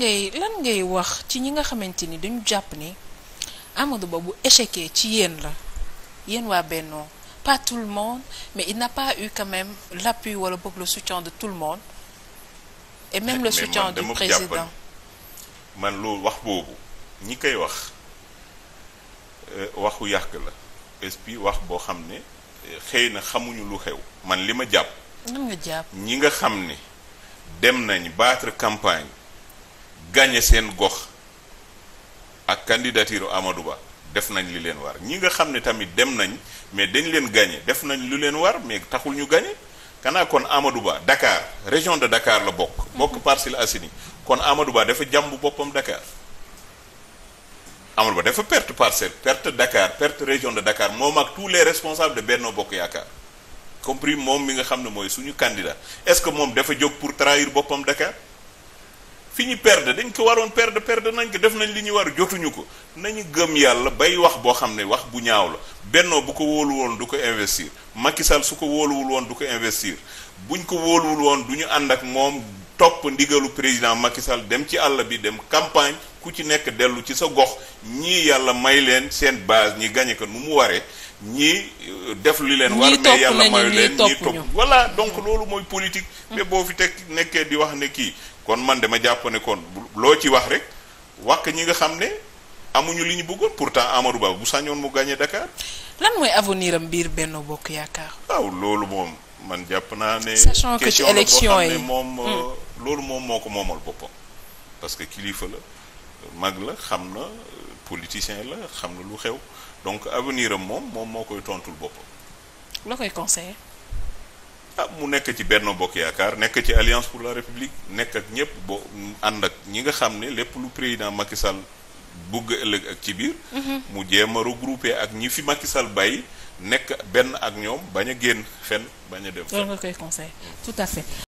lan ngay wax ci ñi nga xamante ni dañu jàpp ni Amadou Ba bu échecé ci yéen la yéen waa bennoo pas tout le monde mais il n'a pas eu quand même l'appui wala boog le soutien de tout le monde et même le soutien du président man loo wax boobu ñi koy wax euh, waxu yàq la est wax boo xam ne xëy na xamuñu lu xew man li ma jàpp. nga jàpp ñi nga xam ne dem nañ battre campagne gagné seen gox ak candidature Amadou def nañ li leen war ñi nga xam ne tamit dem nañ mais dañ leen gagné def nañ lu leen war mais taxul ñu gagné kanaa kon Amadou Ba Dakar région de Dakar la bokk. bokk mhm. Parcelles Assainies kon Amadou dafa jàmb boppam Dakar Amadou Ba dafa perte parcelle perte Dakar perte région de Dakar moom ak tous les responsables de Benno Bokk Yaakaar compris moom mi nga xam ne mooy suñu candidat est-ce que moom dafa jóg pour trahir boppam Dakar. fi ñu perdre dañ ko waroon perdre perdre nañ ko def nañ li ñuy war jotuñu ko nañu gëm yàlla bay wax boo xam ne wax bu ñaaw la bennoo bu ko wóolu woon du ko investir Macky Sall su ko wóoluwul woon du ko investir buñ ko wóoluwul woon du ñu ànd ak moom topp ndigalu président Macky Sall dem ci àll bi dem campagne ku ci nekk dellu ci sa gox ñii yàlla may leen seen base ñi gañe ko nu mu waree ñii euh, def li leen war mais yàlla mayu leen donc loolu mooy politique mais boo fi teg nekkee di wax ne kii kon man dama jàpp ne kon loo ci wax rek wax ñi nga xam ne amuñu li ñu bëggoon pourtant Amadou Ba bu sañoon mu gagné Dakar lan mooy avenir am biir Benno Bokk Yaakaar waaw loolu moom man jàpp naa ne sachant que ci élection yi moom euh, hmm. loolu moom moo ko moomal boppam parce que kilifa la mag la xam na politicien la xam na lu xew donc avenir am moom moom moo koy tontul boppam. loo koy conseillé. ah mu nekk ci benn Bokk Yaakaar nekk ci Alliance pour la République nekk ak ñëpp bo ànd ak ñi nga xam ne lépp lu président Macky Sall bugg ëllëg ak ci biir. Mhm. mu jéem a regroupé ak ñi fi Macky Sall bàyyi nekk benn ak ñoom bañ a génn fenn bañ a dem. loolu nga koy conseillé tout à fait.